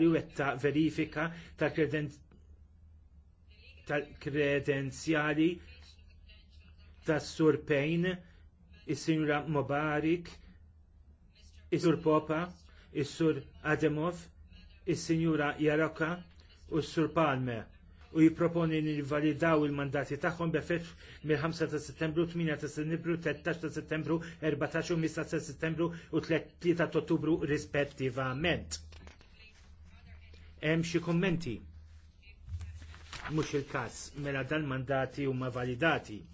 li wetta verifika tal-kredenzjali tas Sur Pejn, is-Sinjura Mobarik, is-Sur Popa, is-Sur Ademov, is-Sinjura Jaroka u s-Sur Palme u jipproponi nivvalidaw il-mandati tagħhom b'effett mill-5 ta' Settembru, 8 ta' Settembru, 13 ta' Settembru, 14 u 15 ta' Settembru u 3 ta' Ottubru rispettivament. Hemm xi kummenti? Mhux il-każ mela dan mandati huma validati.